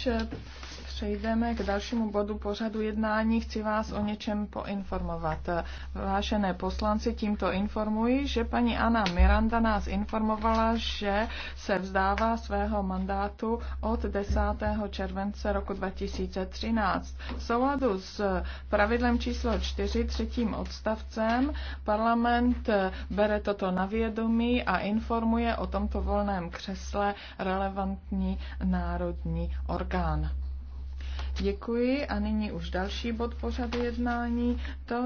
už eh, přejdeme k dalšímu bodu pořadu jednání, chci vás o něčem poinformovat. Vážené poslanci, tímto informuji, že paní Ana Miranda nás informovala, že se vzdává svého mandátu od 10. července roku 2013. V souladu s pravidlem číslo 4, třetím odstavcem, parlament bere toto na vědomí a informuje o tomto volném křesle relevantní národní orgán. Děkuji a nyní už další bod pořadu jednání. To je